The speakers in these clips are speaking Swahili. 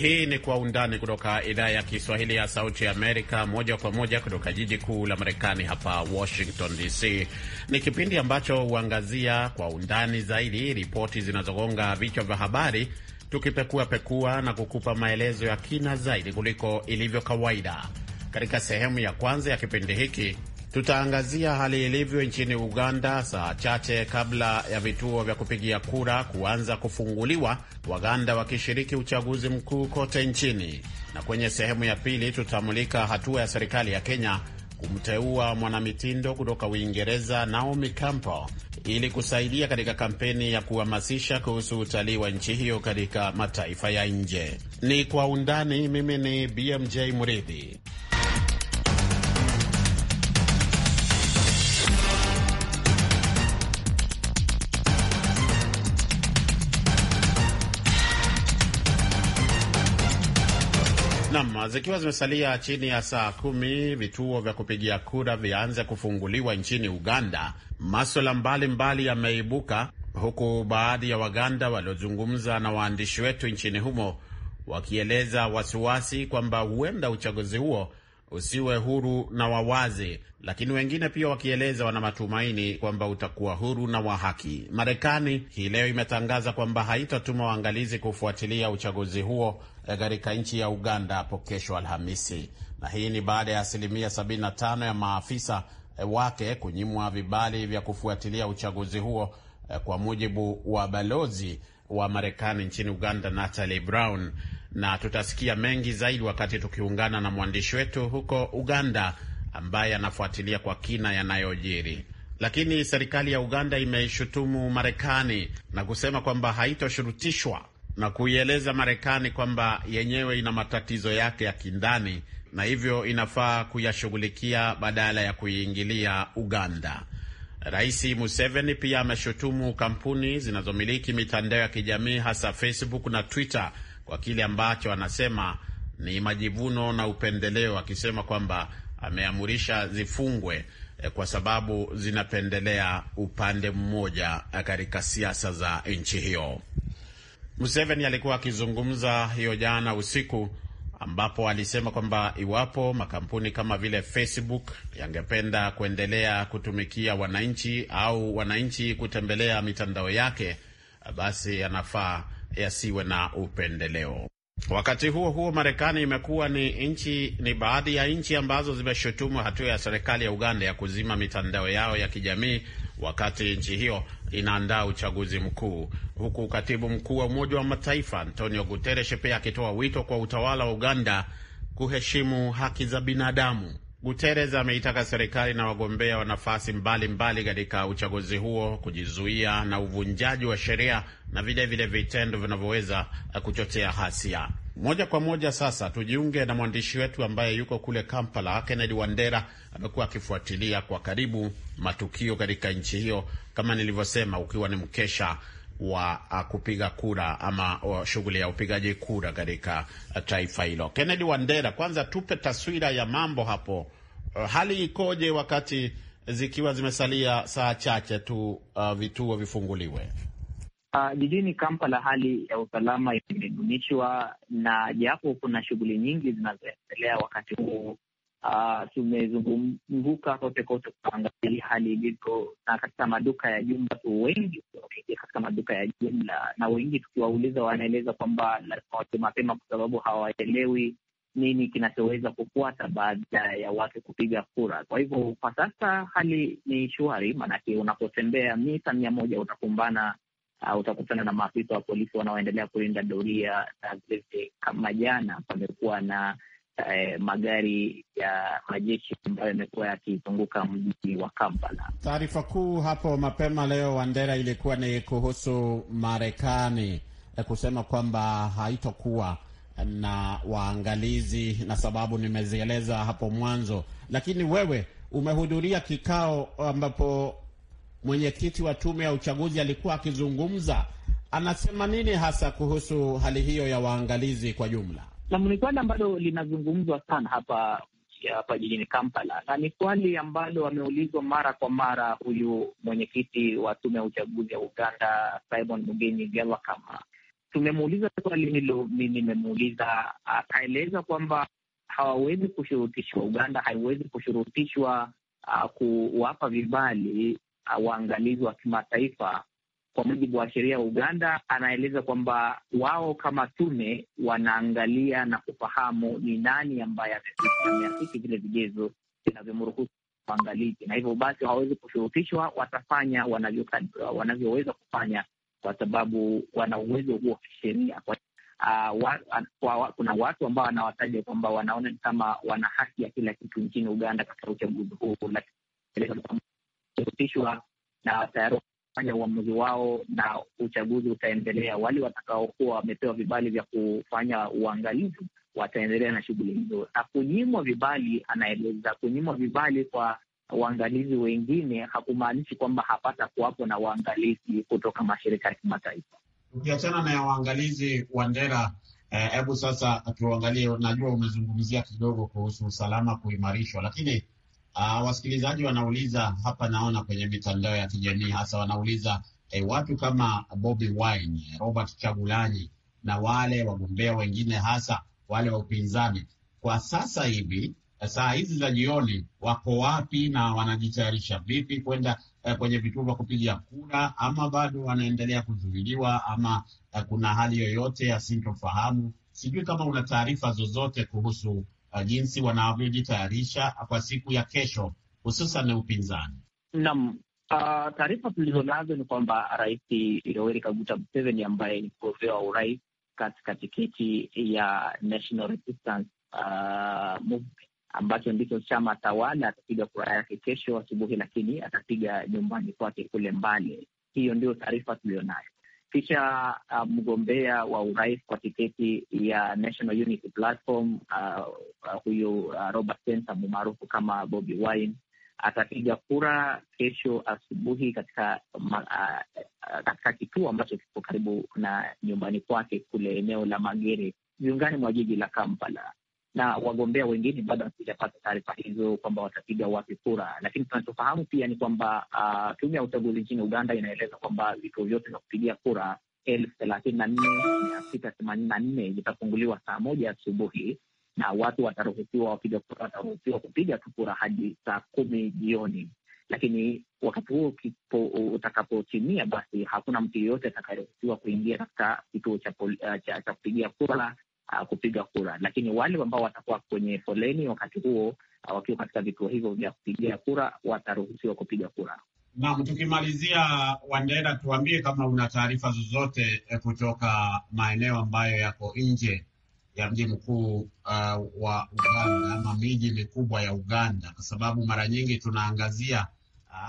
Hii ni Kwa Undani kutoka idhaa ya Kiswahili ya Sauti ya Amerika, moja kwa moja kutoka jiji kuu la Marekani hapa Washington DC. Ni kipindi ambacho huangazia kwa undani zaidi ripoti zinazogonga vichwa vya habari, tukipekua pekua na kukupa maelezo ya kina zaidi kuliko ilivyo kawaida. Katika sehemu ya kwanza ya kipindi hiki Tutaangazia hali ilivyo nchini Uganda saa chache kabla ya vituo vya kupigia kura kuanza kufunguliwa, Waganda wakishiriki uchaguzi mkuu kote nchini, na kwenye sehemu ya pili tutamulika hatua ya serikali ya Kenya kumteua mwanamitindo kutoka Uingereza Naomi Campbell ili kusaidia katika kampeni ya kuhamasisha kuhusu utalii wa nchi hiyo katika mataifa ya nje. Ni kwa undani. Mimi ni BMJ Muridhi. Nam, zikiwa zimesalia chini ya saa kumi vituo vya kupigia kura vianze kufunguliwa nchini Uganda, maswala mbalimbali yameibuka huku baadhi ya Waganda waliozungumza na waandishi wetu nchini humo wakieleza wasiwasi kwamba huenda uchaguzi huo usiwe huru na wawazi, lakini wengine pia wakieleza wana matumaini kwamba utakuwa huru na wa haki. Marekani hii leo imetangaza kwamba haitatuma waangalizi kufuatilia uchaguzi huo katika nchi ya Uganda hapo kesho Alhamisi, na hii ni baada ya asilimia 75 ya maafisa eh, wake kunyimwa vibali vya kufuatilia uchaguzi huo, eh, kwa mujibu wa balozi wa Marekani nchini Uganda, Natalie Brown. Na tutasikia mengi zaidi wakati tukiungana na mwandishi wetu huko Uganda ambaye anafuatilia kwa kina yanayojiri. Lakini serikali ya Uganda imeishutumu Marekani na kusema kwamba haitoshurutishwa na kuieleza Marekani kwamba yenyewe ina matatizo yake ya kindani na hivyo inafaa kuyashughulikia badala ya kuiingilia Uganda. Rais Museveni pia ameshutumu kampuni zinazomiliki mitandao ya kijamii hasa Facebook na Twitter kwa kile ambacho anasema ni majivuno na upendeleo, akisema kwamba ameamurisha zifungwe eh, kwa sababu zinapendelea upande mmoja katika siasa za nchi hiyo. Museveni alikuwa akizungumza hiyo jana usiku ambapo alisema kwamba iwapo makampuni kama vile Facebook yangependa kuendelea kutumikia wananchi au wananchi kutembelea mitandao yake, basi yanafaa yasiwe na upendeleo. Wakati huo huo, Marekani imekuwa ni nchi ni baadhi ya nchi ambazo zimeshutumu hatua ya serikali ya Uganda ya kuzima mitandao yao ya kijamii wakati nchi hiyo inaandaa uchaguzi mkuu, huku katibu mkuu wa Umoja wa Mataifa Antonio Guterres pia akitoa wito kwa utawala wa Uganda kuheshimu haki za binadamu. Guterres ameitaka serikali na wagombea wa nafasi mbalimbali katika uchaguzi huo kujizuia na uvunjaji wa sheria na vilevile vitendo vinavyoweza kuchochea hasia. Moja kwa moja sasa tujiunge na mwandishi wetu ambaye yuko kule Kampala. Kennedy Wandera amekuwa akifuatilia kwa karibu matukio katika nchi hiyo, kama nilivyosema, ukiwa ni mkesha wa uh, kupiga kura ama uh, shughuli ya upigaji kura katika uh, taifa hilo. Kennedy Wandera, kwanza tupe taswira ya mambo hapo, hali ikoje wakati zikiwa zimesalia saa chache tu uh, vituo vifunguliwe? Uh, jijini Kampala hali ya usalama imedumishwa, na japo kuna shughuli nyingi zinazoendelea wakati huu Uh, kote kote kuangalia hali ilivyo, na katika maduka ya jumla tu, wengi wakiingia katika maduka ya jumla, na wengi tukiwauliza, wanaeleza kwamba lazima watu mapema, kwa sababu hawaelewi nini kinachoweza kufuata baada ya watu kupiga kura. Kwa hivyo kwa sasa hali ni shwari, maanake unapotembea mita mia moja utakumbana Uh, utakutana na maafisa wa polisi wanaoendelea kulinda doria na vilevile, kama jana pamekuwa na eh, magari ya majeshi ambayo yamekuwa yakizunguka mji wa Kampala. Taarifa kuu hapo mapema leo, Wandera, ilikuwa ni kuhusu Marekani eh, kusema kwamba haitokuwa na waangalizi, na sababu nimezieleza hapo mwanzo. Lakini wewe umehudhuria kikao ambapo mwenyekiti wa tume ya uchaguzi alikuwa akizungumza, anasema nini hasa kuhusu hali hiyo ya waangalizi kwa jumla? Naam, ni swali ambalo linazungumzwa sana hapa hapa jijini Kampala, na ni swali ambalo ameulizwa mara kwa mara huyu mwenyekiti wa tume ya uchaguzi ya Uganda, Simon Mugenyi Byabakama. Tumemuuliza swali hilo, nimemuuliza, akaeleza kwamba hawawezi kushurutishwa, Uganda haiwezi kushurutishwa uh, kuwapa vibali uh, waangalizi wa kimataifa kwa mujibu wa sheria ya Uganda, anaeleza kwamba wao kama tume wanaangalia na kufahamu ni nani ambaye ameafiki vile vigezo vinavyomruhusu uangalizi, na hivyo basi hawawezi kushurutishwa, watafanya wanavyoweza kufanya, kwa sababu wana uwezo huo wa kisheria. Uh, wa, wa, wa, kuna watu ambao wanawataja kwamba wanaona ni kama wana haki ya kila kitu nchini Uganda katika uchaguzi huu, lakini na tayari kufanya uamuzi wao na uchaguzi utaendelea. Wale watakaokuwa wamepewa vibali vya kufanya uangalizi wataendelea na shughuli hizo, na kunyimwa vibali, anaeleza kunyimwa vibali kwa waangalizi wengine hakumaanishi kwamba hapata kuwapo na waangalizi kutoka mashirika ya kimataifa. Ukiachana na ya waangalizi, ndera eh, hebu eh, sasa tuangalie. Najua umezungumzia kidogo kuhusu usalama kuimarishwa, lakini Uh, wasikilizaji wanauliza hapa, naona kwenye mitandao ya kijamii hasa wanauliza eh, watu kama Bobby Wine, Robert Kyagulanyi na wale wagombea wengine hasa wale wa upinzani kwa sasa hivi eh, saa hizi za jioni wako wapi na wanajitayarisha vipi kwenda eh, kwenye vituo vya kupiga kura, ama bado wanaendelea kuzuiliwa, ama eh, kuna hali yoyote ya sintofahamu? Sijui kama una taarifa zozote kuhusu Uh, jinsi wanavyojitayarisha kwa siku ya kesho, hususan upinzani? Naam. Uh, taarifa tulizonazo ni kwamba Rais Yoweri Kaguta Museveni ambaye ni mgombea wa urais katika tiketi ya National Resistance uh, Movement ambacho ndicho chama tawala, atapiga kura yake kesho asubuhi, lakini atapiga nyumbani kwake kule Mbale. Hiyo ndio taarifa nayo kisha uh, mgombea wa urais kwa tiketi ya National Unity Platform uh, uh, huyu uh, Robert maarufu kama Bobi Wine atapiga kura kesho asubuhi katika ma, uh, uh, katika kituo ambacho kiko karibu na nyumbani kwake kule eneo la Magere viungani mwa jiji la Kampala na wagombea wengine bado hatujapata taarifa hizo kwamba watapiga wapi kura, lakini tunachofahamu pia ni kwamba uh, tume ya uchaguzi nchini Uganda inaeleza kwamba vituo vyote vya kupigia kura elfu thelathini na nne mia sita themanini na nne vitafunguliwa saa moja asubuhi na watu wataruhusiwa, wapiga kura wataruhusiwa kupiga tu kura hadi saa kumi jioni, lakini wakati huo utakapotimia, basi hakuna mtu yeyote atakayeruhusiwa kuingia katika kituo cha, uh, cha, cha kupigia kura uh, kupiga kura, lakini wale ambao watakuwa kwenye foleni wakati huo uh, wakiwa katika vituo hivyo vya kupigia kura wataruhusiwa kupiga kura. Naam, tukimalizia, Wandera, tuambie kama una taarifa zozote eh, kutoka maeneo ambayo yako nje ya mji mkuu uh, wa Uganda ama miji mikubwa ya Uganda, kwa sababu mara nyingi tunaangazia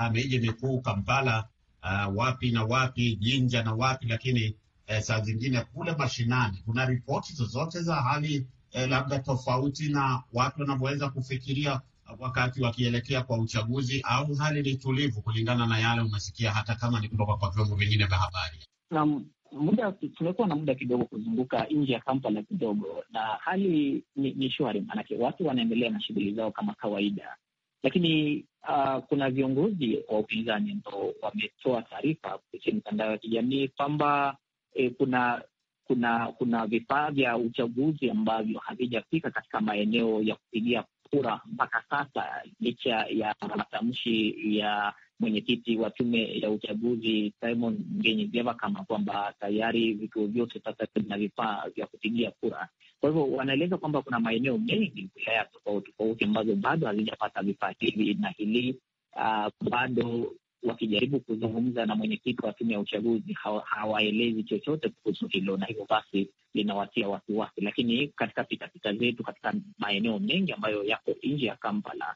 uh, miji mikuu Kampala, uh, wapi na wapi, Jinja na wapi, lakini eh, saa zingine kule mashinani kuna ripoti zozote za hali eh, labda tofauti na watu wanavyoweza kufikiria wakati wakielekea kwa uchaguzi, au hali ni tulivu kulingana na yale umesikia, hata kama ni kutoka kwa vyombo vingine vya habari? Naam, muda tumekuwa na muda kidogo kuzunguka nje ya Kampala kidogo, na hali ni, ni shwari, maanake watu wanaendelea na shughuli zao kama kawaida, lakini uh, kuna viongozi wa upinzani ambao wametoa taarifa kupitia mitandao ya kijamii kwamba e, kuna kuna kuna vifaa vya uchaguzi ambavyo havijafika katika maeneo ya kupigia kura mpaka sasa, licha ya matamshi ya mwenyekiti wa tume ya uchaguzi Simon Ngenyiziava kama kwamba tayari vituo vyote sasa vina vifaa vya kupigia kura. Kwa hivyo wanaeleza kwamba kuna maeneo mengi, wilaya tofauti tofauti ambazo bado hazijapata vifaa hivi na hili uh, bado wakijaribu kuzungumza na mwenyekiti wa tume ya uchaguzi hawaelezi chochote kuhusu hilo, na hivyo basi linawatia wasiwasi. Lakini katika pitapita zetu katika maeneo mengi ambayo yako nje ya Kampala,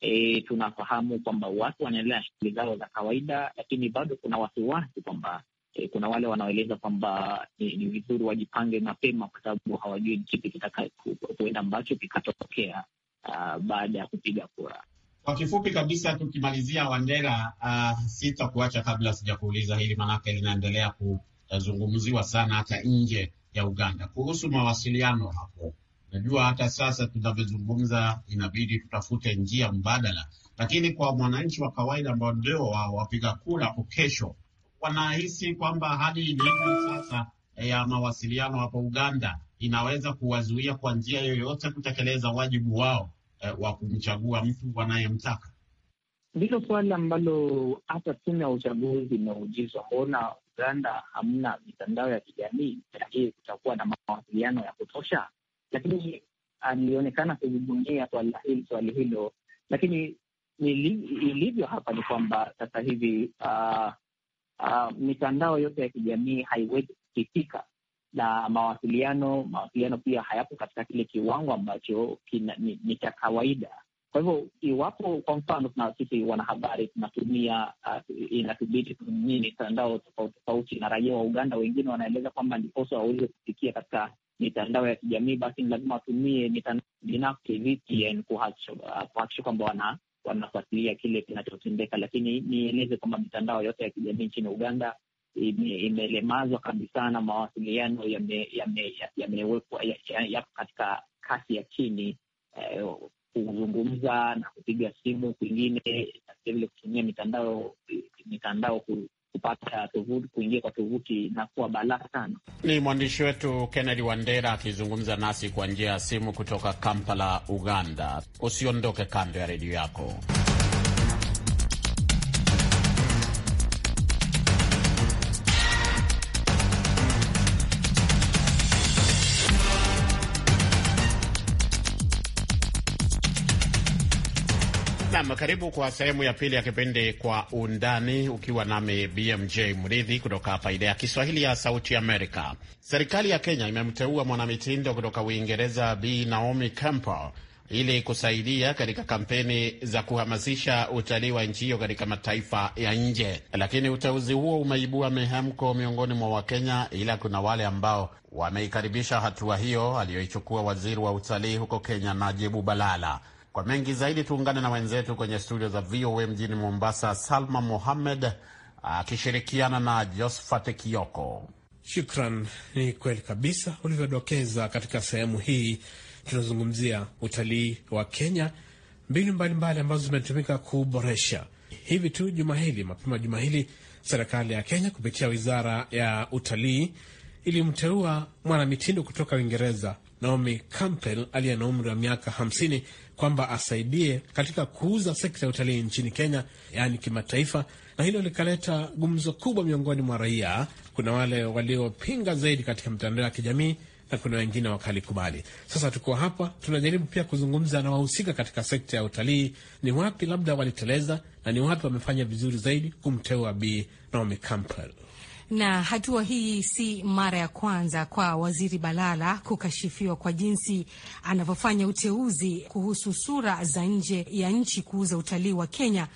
e, tunafahamu kwamba watu wanaendelea na shughuli zao za kawaida, lakini bado kuna wasiwasi kwamba e, kuna wale wanaoeleza kwamba ni, ni vizuri wajipange mapema, kwa sababu hawajui kipi kitaka kuenda ambacho kikatokea baada ya kupiga kura. Kwa kifupi kabisa tukimalizia, Wandera, uh, sitakuacha kabla sijakuuliza hili, maanake linaendelea kuzungumziwa sana hata nje ya Uganda kuhusu mawasiliano hapo. Najua hata sasa tunavyozungumza, inabidi tutafute njia mbadala, lakini kwa mwananchi wa kawaida ambao ndio wapiga kura hapo kesho, wanahisi kwamba hali ilivyo sasa eh, ya mawasiliano hapo Uganda inaweza kuwazuia kwa njia yoyote kutekeleza wajibu wao Eh, wa kumchagua mtu wanayemtaka. Ndilo suala ambalo hata tume ya uchaguzi imeujizwa. Mbona Uganda hamna mitandao ya kijamii? hii kutakuwa na mawasiliano ya kutosha? Lakini alionekana ah, kujibunia swali hilo, lakini ilivyo hapa ni kwamba sasa hivi uh, uh, mitandao yote ya kijamii haiwezi kufikika na mawasiliano mawasiliano pia hayapo katika kile kiwango ambacho kina, ni, ni cha kawaida. Kwa hivyo iwapo kwa mfano sisi wanahabari tunatumia uh, inathibiti tutumie mitandao tofauti tofauti, na raia wa Uganda wengine wanaeleza kwamba ndiposa waweze kufikia katika mitandao ya kijamii, basi ni lazima watumie mitandao binafsi VPN kuhakikisha kwamba wana wanafuatilia kile kinachotendeka. Lakini nieleze kwamba mitandao yote ya kijamii nchini Uganda imelemazwa kabisa na mawasiliano yamewekwa yame, yame yapo katika kasi ya chini eh, kuzungumza na kupiga simu kwingine na vilevile kutumia mitandao mitandao kupata tovuti kuingia kwa tovuti na kuwa balaa sana. Ni mwandishi wetu Kennedy Wandera akizungumza nasi kwa njia ya simu kutoka Kampala, Uganda. Usiondoke kando ya redio yako. Nam, karibu kwa sehemu ya pili ya kipindi Kwa Undani, ukiwa nami BMJ Mridhi kutoka hapa idhaa ya Kiswahili ya Sauti Amerika. Serikali ya Kenya imemteua mwanamitindo kutoka Uingereza Bi Naomi Campbell ili kusaidia katika kampeni za kuhamasisha utalii wa nchi hiyo katika mataifa ya nje. Lakini uteuzi huo umeibua mihemko miongoni mwa Wakenya, ila kuna wale ambao wameikaribisha hatua hiyo aliyoichukua waziri wa utalii huko Kenya, Najibu Balala. Kwa mengi zaidi tuungane na wenzetu kwenye studio za VOA mjini Mombasa, Salma Mohamed akishirikiana na Josphat Kioko. Shukran. Ni kweli kabisa ulivyodokeza. Katika sehemu hii tunazungumzia utalii wa Kenya, mbinu mbalimbali ambazo zimetumika kuboresha. Hivi tu juma hili, mapema juma hili, serikali ya Kenya kupitia wizara ya utalii ilimteua mwanamitindo kutoka Uingereza Naomi Campbell aliye na umri wa miaka kwamba asaidie katika kuuza sekta ya utalii nchini Kenya, yaani kimataifa, na hilo likaleta gumzo kubwa miongoni mwa raia. Kuna wale waliopinga zaidi katika mitandao ya kijamii na kuna wengine wakalikubali. Sasa tuko hapa tunajaribu pia kuzungumza na wahusika katika sekta ya utalii, ni wapi labda waliteleza na ni wapi wamefanya vizuri zaidi kumteua Bi Naomi Campbell. Na hatua hii si mara ya kwanza kwa Waziri Balala kukashifiwa kwa jinsi anavyofanya uteuzi kuhusu sura za nje ya nchi kuuza utalii wa Kenya.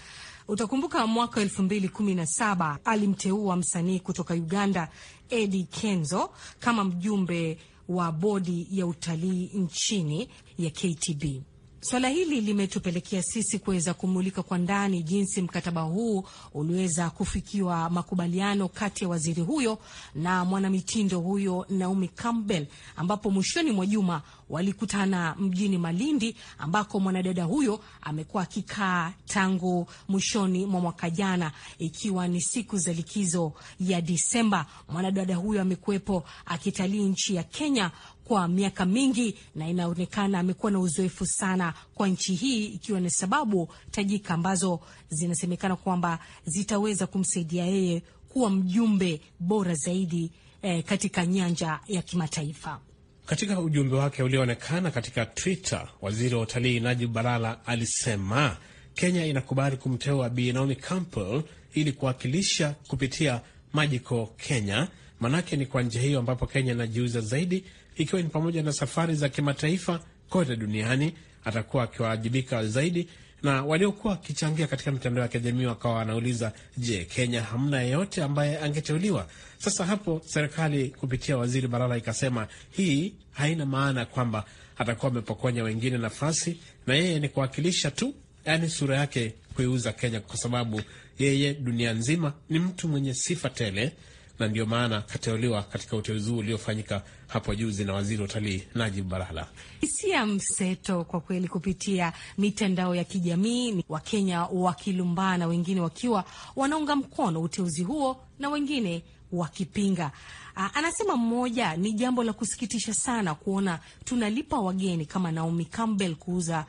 Utakumbuka mwaka elfu mbili kumi na saba alimteua msanii kutoka Uganda Eddie Kenzo kama mjumbe wa bodi ya utalii nchini ya KTB. Swala hili limetupelekea sisi kuweza kumulika kwa ndani jinsi mkataba huu uliweza kufikiwa makubaliano kati ya waziri huyo na mwanamitindo huyo Naomi Campbell, ambapo mwishoni mwa juma walikutana mjini Malindi, ambako mwanadada huyo amekuwa akikaa tangu mwishoni mwa mwaka jana, ikiwa ni siku za likizo ya Disemba. Mwanadada huyo amekuwepo akitalii nchi ya Kenya kwa miaka mingi na inaonekana amekuwa na uzoefu sana kwa nchi hii, ikiwa ni sababu tajika ambazo zinasemekana kwamba zitaweza kumsaidia yeye kuwa mjumbe bora zaidi eh, katika nyanja ya kimataifa. Katika ujumbe wake ulioonekana katika Twitter, waziri wa utalii Najib Balala alisema Kenya inakubali kumteua Bi Naomi Campbell ili kuwakilisha kupitia Magical Kenya. Manake ni kwa njia hiyo ambapo Kenya inajiuza zaidi ikiwa ni pamoja na safari za kimataifa kote duniani. Atakuwa akiwaajibika zaidi, na waliokuwa wakichangia katika mitandao ya kijamii wakawa wanauliza, je, Kenya hamna yeyote ambaye angeteuliwa? Sasa hapo serikali kupitia waziri Barara ikasema hii haina maana kwamba atakuwa amepokonya wengine nafasi, na yeye ni kuwakilisha tu, yaani sura yake kuiuza Kenya, kwa sababu yeye dunia nzima ni mtu mwenye sifa tele na ndio maana kateuliwa katika uteuzi huu uliofanyika hapo juzi na waziri wa utalii Najib Balala. Hisia mseto kwa kweli kupitia mitandao ya kijamii, Wakenya wakilumbana, wengine wakiwa wanaunga mkono uteuzi huo na wengine wakipinga. Ah, anasema mmoja, ni jambo la kusikitisha sana kuona tunalipa wageni kama Naomi Campbell kuuza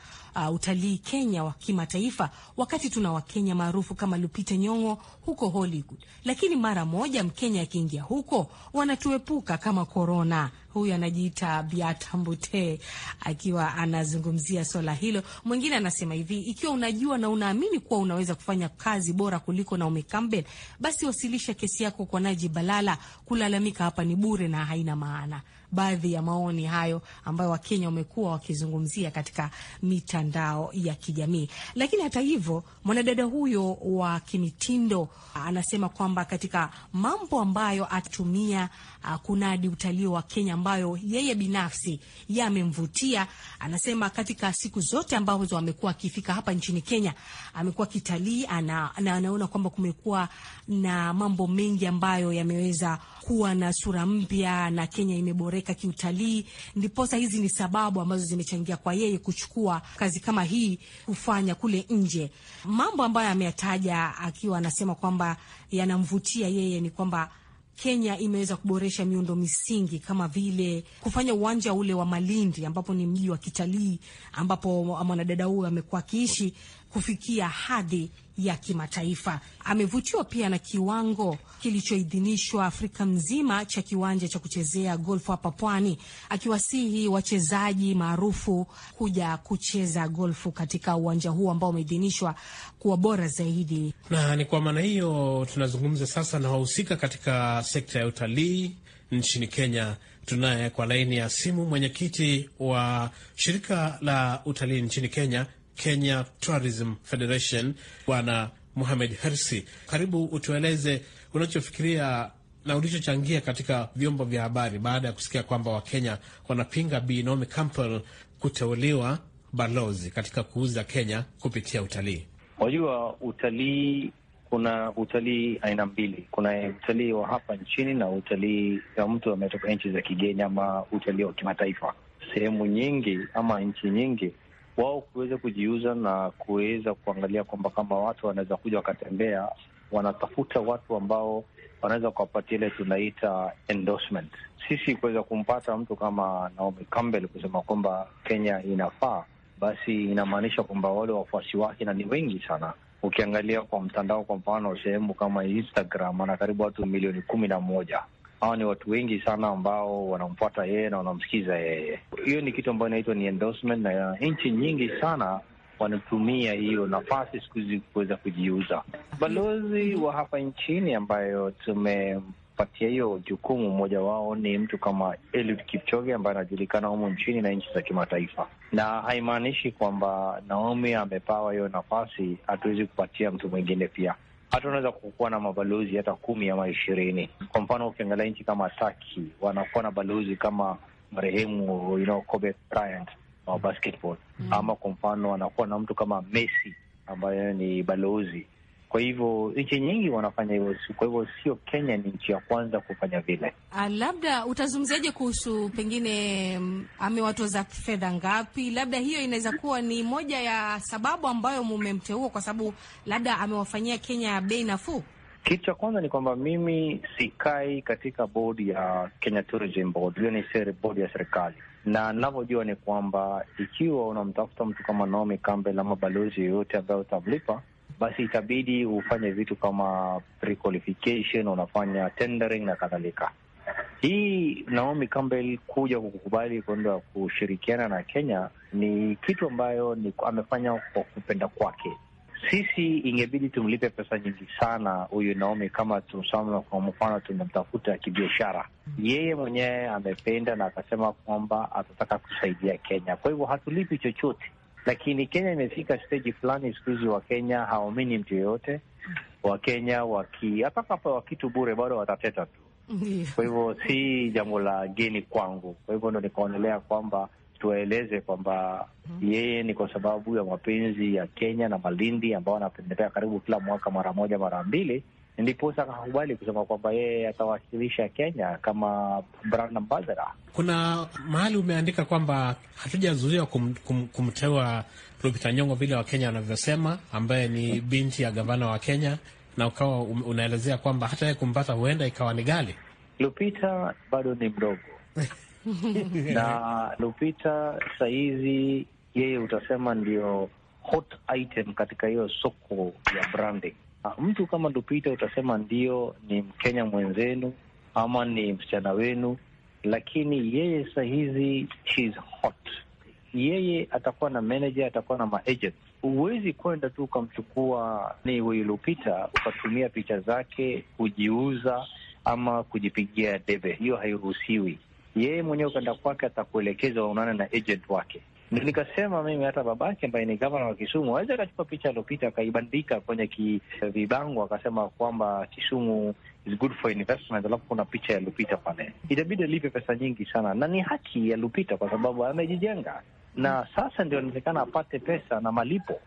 uh, utalii Kenya wa kimataifa, wakati tuna Wakenya maarufu kama Lupita Nyong'o huko Hollywood, lakini mara moja Mkenya akiingia huko wanatuepuka kama korona huyu anajiita Biatambute akiwa anazungumzia swala hilo. Mwingine anasema hivi, ikiwa unajua na unaamini kuwa unaweza kufanya kazi bora kuliko Naomi Campbell, basi wasilisha kesi yako kwa Najib Balala. Kulalamika hapa ni bure na haina maana baadhi ya maoni hayo ambayo Wakenya wamekuwa wakizungumzia katika mitandao ya kijamii. Lakini hata hivyo, mwanadada huyo wa kimitindo anasema kwamba katika mambo ambayo atumia uh, kunadi utalii wa Kenya ambayo yeye binafsi yamemvutia, anasema katika siku zote ambazo amekuwa akifika hapa nchini Kenya amekuwa kitalii ana, na anaona kwamba kumekuwa na mambo mengi ambayo yameweza kuwa na sura mpya na Kenya imeboreka kunufaika kiutalii. Ndiposa hizi ni sababu ambazo zimechangia kwa yeye kuchukua kazi kama hii kufanya kule nje. Mambo ambayo ameyataja akiwa anasema kwamba yanamvutia yeye ni kwamba Kenya imeweza kuboresha miundo misingi kama vile kufanya uwanja ule wa Malindi ambapo ni mji wa kitalii ambapo mwanadada huyo amekuwa akiishi kufikia hadhi ya kimataifa. Amevutiwa pia na kiwango kilichoidhinishwa Afrika mzima cha kiwanja cha kuchezea golfu hapa pwani, akiwasihi wachezaji maarufu kuja kucheza golfu katika uwanja huu ambao umeidhinishwa kuwa bora zaidi. Na ni kwa maana hiyo tunazungumza sasa na wahusika katika sekta ya utalii nchini Kenya. Tunaye kwa laini ya simu mwenyekiti wa shirika la utalii nchini Kenya Kenya Tourism Federation, Bwana muhamed Hersi, karibu utueleze unachofikiria na ulichochangia katika vyombo vya habari baada ya kusikia kwamba Wakenya wanapinga Bi Naomi Campbell kuteuliwa balozi katika kuuza Kenya kupitia utalii. Wajua, utalii kuna utalii aina mbili. Kuna utalii wa hapa nchini na utalii ya mtu ametoka nchi za kigeni ama utalii wa kimataifa. Sehemu nyingi ama nchi nyingi wao kuweza kujiuza na kuweza kuangalia kwamba kama watu wanaweza kuja wakatembea, wanatafuta watu ambao wanaweza kuwapatia ile tunaita endorsement. Sisi kuweza kumpata mtu kama Naomi Campbell kusema kwamba Kenya inafaa, basi inamaanisha kwamba wale wafuasi wake na ni wengi sana. Ukiangalia kwa mtandao, kwa mfano sehemu kama Instagram ana karibu watu milioni kumi na moja hawa ni watu wengi sana ambao wanamfuata yeye na wanamsikiza yeye. Hiyo ni kitu ambayo inaitwa ni endorsement, na nchi nyingi sana wanatumia hiyo nafasi siku hizi kuweza kujiuza. Balozi wa hapa nchini ambayo tumempatia hiyo jukumu, mmoja wao ni mtu kama Eliud Kipchoge ambaye anajulikana humu nchini na nchi za kimataifa, na haimaanishi kwamba Naomi amepawa hiyo nafasi, hatuwezi kupatia mtu mwingine pia hata unaweza kukuwa na mabalozi hata kumi ama ishirini. Kwa mfano ukiangalia nchi kama Taki wanakuwa na balozi kama marehemu you know, Kobe Bryant wa basketball mm. ama kwa mfano wanakuwa na mtu kama Messi ambaye ni balozi kwa hivyo nchi nyingi wanafanya hivyo, kwa hivyo sio Kenya ni nchi ya kwanza kufanya vile. A, ah, labda utazungumziaje kuhusu pengine mm, amewatoza fedha ngapi? Labda hiyo inaweza kuwa ni moja ya sababu ambayo mumemteua, kwa sababu labda amewafanyia Kenya bei nafuu. Kitu cha kwanza ni kwamba mimi sikai katika bodi ya Kenya Tourism Board, hiyo ni bodi ya serikali, na ninavyojua ni kwamba ikiwa unamtafuta mtu kama Naomi Campbell ama balozi yoyote ambayo utamlipa basi itabidi ufanye vitu kama pre-qualification, unafanya tendering na kadhalika. Hii Naomi Campbell kuja kukubali kwenda kushirikiana na Kenya ni kitu ambayo ni amefanya kwa kupenda kwake. Sisi ingebidi tumlipe pesa nyingi sana huyu Naomi, kama tusama kwa mfano tumemtafuta kibiashara. Yeye mwenyewe amependa na akasema kwamba atataka kusaidia Kenya, kwa hivyo hatulipi chochote. Lakini Kenya imefika steji fulani, siku hizi Wakenya hawaamini mtu yoyote. Wakenya waki hata kama wakitu bure bado watateta tu. Kwa hivyo si jambo la geni kwangu, kwa hivyo ndo nikaonelea kwamba tuwaeleze kwamba hmm. yeye ni kwa sababu ya mapenzi ya Kenya na Malindi ambao wanapendelea karibu kila mwaka mara moja mara mbili, ndiposa akakubali kusema kwamba yeye atawakilisha Kenya kama brand ambassador. Kuna mahali umeandika kwamba hatujazuiwa kum, kum, kumteua Lupita Nyong'o vile Wakenya wanavyosema, ambaye ni binti ya gavana wa Kenya, na ukawa um, unaelezea kwamba hata yeye kumpata huenda ikawa ni gali Lupita bado ni mdogo na Lupita sahizi yeye utasema ndio hot item katika hiyo soko ya branding Ah, mtu kama Lupita utasema ndio, ni Mkenya mwenzenu ama ni msichana wenu, lakini yeye hizi she's hot. Yeye atakuwa na manager, atakuwa na maagent. Huwezi kwenda tu ukamchukua ni huyu Lupita ukatumia picha zake kujiuza ama kujipigia debe, hiyo hairuhusiwi. Yeye mwenyewe ukaenda kwake, atakuelekeza waonane na agent wake. Nikasema mimi hata babake ambaye ni gavana wa Kisumu aweze akachukua picha aliopita akaibandika kwenye kivibango eh, akasema kwamba Kisumu is good for investment, alafu kuna picha ya Lupita pale. Itabidi alipe pesa nyingi sana, na ni haki ya Lupita kwa sababu amejijenga, na sasa ndio inawezekana apate pesa na malipo.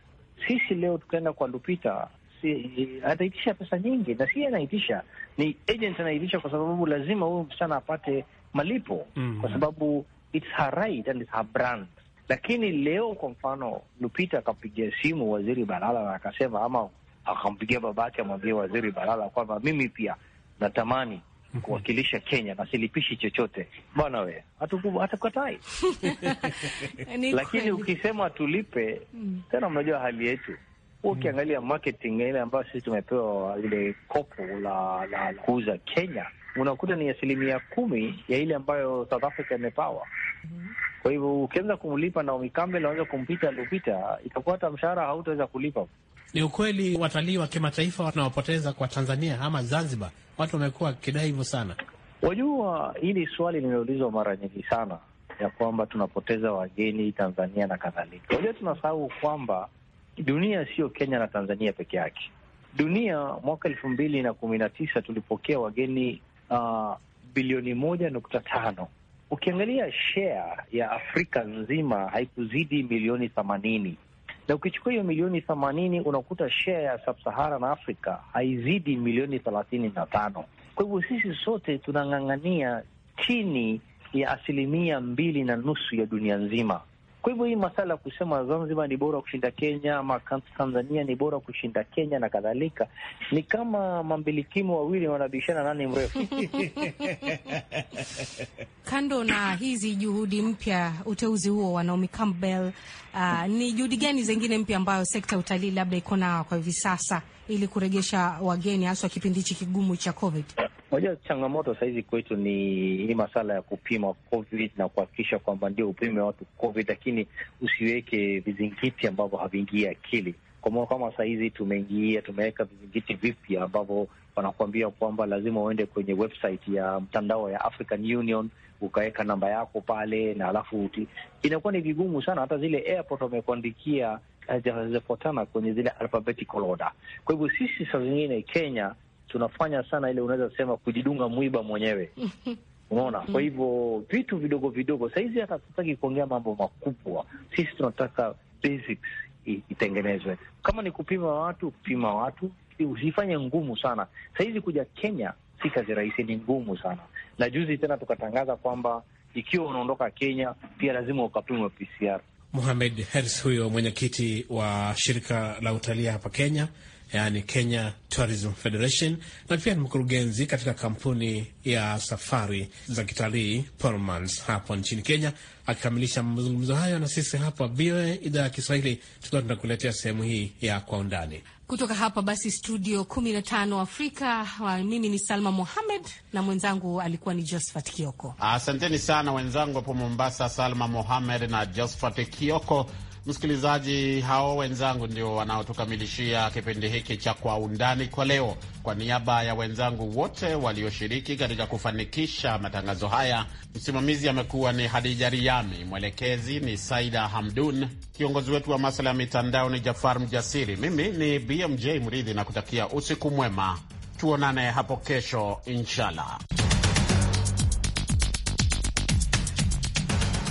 Sisi leo tukaenda kwa Lupita si, ataitisha pesa nyingi, na si anaitisha, ni agent anaitisha, kwa sababu lazima huyu msichana apate malipo mm -hmm. kwa sababu it's her right and it's her brand lakini leo kwa mfano, Lupita akampigia simu waziri Balala na akasema, ama akampigia babake amwambie waziri Balala kwamba mimi pia natamani mhm. kuwakilisha Kenya na silipishi chochote bwana, we hatukatai. Lakini ukisema tulipe mm. tena, mnajua hali yetu huu mm. ukiangalia marketing ile ambayo sisi tumepewa ile kopo la, la kuuza Kenya unakuta ni asilimia kumi ya ile ambayo South Africa imepawa. Mm-hmm. Kwa hivyo ukianza kumlipa Naomi Campbell, aweza kumpita aliopita, itakuwa hata mshahara hautaweza kulipa. Ni ukweli watalii wa kimataifa wanaopoteza kwa Tanzania ama Zanzibar, watu wamekuwa wakidai hivyo sana. Wajua, hili swali limeulizwa mara nyingi sana, ya kwamba tunapoteza wageni Tanzania na kadhalika. Wajua, tunasahau kwamba dunia sio Kenya na Tanzania peke yake. Dunia mwaka elfu mbili na kumi na tisa tulipokea wageni uh, bilioni moja nukta tano Ukiangalia share ya Afrika nzima haikuzidi milioni themanini na ukichukua hiyo milioni themanini unakuta share ya sabsahara na afrika haizidi milioni thelathini na tano. Kwa hivyo sisi sote tunang'ang'ania chini ya asilimia mbili na nusu ya dunia nzima. Kwa hivyo hii masala ya kusema Zanzibar ni bora kushinda Kenya ama Tanzania ni bora kushinda Kenya na kadhalika, ni kama mambilikimu wawili wanabishana nani mrefu. Kando na hizi juhudi mpya, uteuzi huo wa Naomi Campbell, uh, ni juhudi gani zingine mpya ambayo sekta ya utalii labda iko nao kwa hivi sasa ili kuregesha wageni haswa kipindi hichi kigumu cha COVID? Unajua, changamoto sahizi kwetu ni hii masala ya kupima COVID na kuhakikisha kwamba ndio upime watu COVID, lakini usiweke vizingiti ambavyo haviingii akili. Kwa mfano kama sahizi tumeingia, tumeweka vizingiti vipya ambavyo wanakuambia kwamba lazima uende kwenye website ya mtandao ya African Union ukaweka namba yako pale, na alafu inakuwa ni vigumu sana. Hata zile airport wamekuandikia hazijafuatana kwenye zile alphabetical order. Kwa hivyo sisi saa zingine Kenya tunafanya sana ile unaweza sema kujidunga mwiba mwenyewe unaona. Kwa mm. hivyo vitu vidogo vidogo, sahizi hata tutaki kuongea mambo makubwa, sisi tunataka basics itengenezwe. Kama ni kupima watu, pima watu, usifanye ngumu sana. Sahizi kuja Kenya si kazi rahisi, ni ngumu sana. Na juzi tena tukatangaza kwamba ikiwa unaondoka Kenya pia lazima ukapimwa PCR. muhamed Hers huyo mwenyekiti wa shirika la utalii hapa Kenya yani Kenya Tourism Federation, na pia ni mkurugenzi katika kampuni ya safari za kitalii Pullmans hapo nchini Kenya, akikamilisha mazungumzo hayo na sisi hapa VOA idhaa ya Kiswahili, tukiwa tunakuletea sehemu hii ya kwa undani kutoka hapa basi studio 15 Afrika. Mimi ni Salma Mohamed na mwenzangu alikuwa ni Josphat Kioko. Asanteni sana wenzangu hapo Mombasa, Salma Mohamed na Josphat Kioko. Msikilizaji, hao wenzangu ndio wanaotukamilishia kipindi hiki cha Kwa Undani kwa leo. Kwa niaba ya wenzangu wote walioshiriki katika kufanikisha matangazo haya, msimamizi amekuwa ni Hadija Riami, mwelekezi ni Saida Hamdun, kiongozi wetu wa masuala ya mitandao ni Jafar Mjasiri. Mimi ni BMJ Mridhi na kutakia usiku mwema, tuonane hapo kesho inshallah.